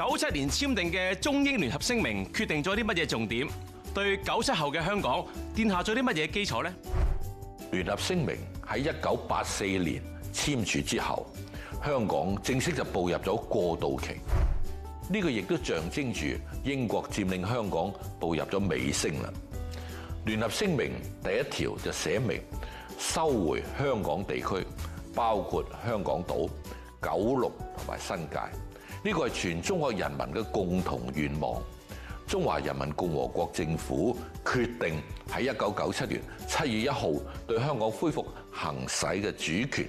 九七年簽訂嘅中英聯合聲明決定咗啲乜嘢重點，對九七後嘅香港奠下咗啲乜嘢基礎呢？聯合聲明喺一九八四年簽署之後，香港正式就步入咗過渡期。呢個亦都象徵住英國佔領香港步入咗尾聲啦。聯合聲明第一條就寫明收回香港地區，包括香港島、九龍同埋新界。呢個係全中國人民嘅共同願望。中華人民共和國政府決定喺一九九七年七月一號對香港恢復行使嘅主權。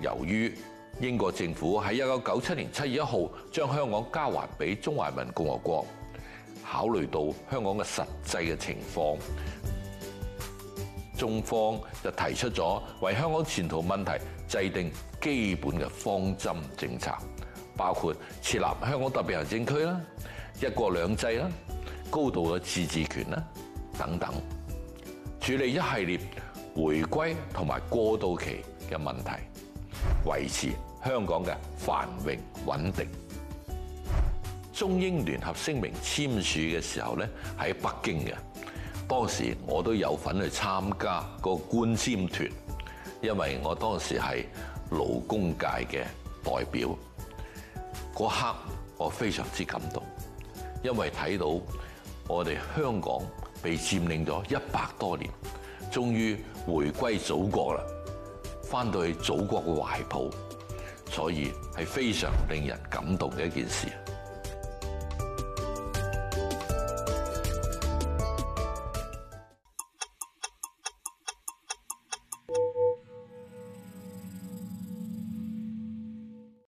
由於英國政府喺一九九七年七月一號將香港交還俾中華人民共和國，考慮到香港嘅實際嘅情況，中方就提出咗為香港前途問題制定基本嘅方針政策。包括設立香港特別行政區啦、一國兩制啦、高度嘅自治權啦等等，處理一系列回歸同埋過渡期嘅問題，維持香港嘅繁榮穩定。中英聯合聲明簽署嘅時候咧，喺北京嘅，當時我都有份去參加個觀簽團，因為我當時係勞工界嘅代表。嗰刻我非常之感動，因為睇到我哋香港被佔領咗一百多年，終於回歸祖國啦，翻到去祖國嘅懷抱，所以係非常令人感動嘅一件事。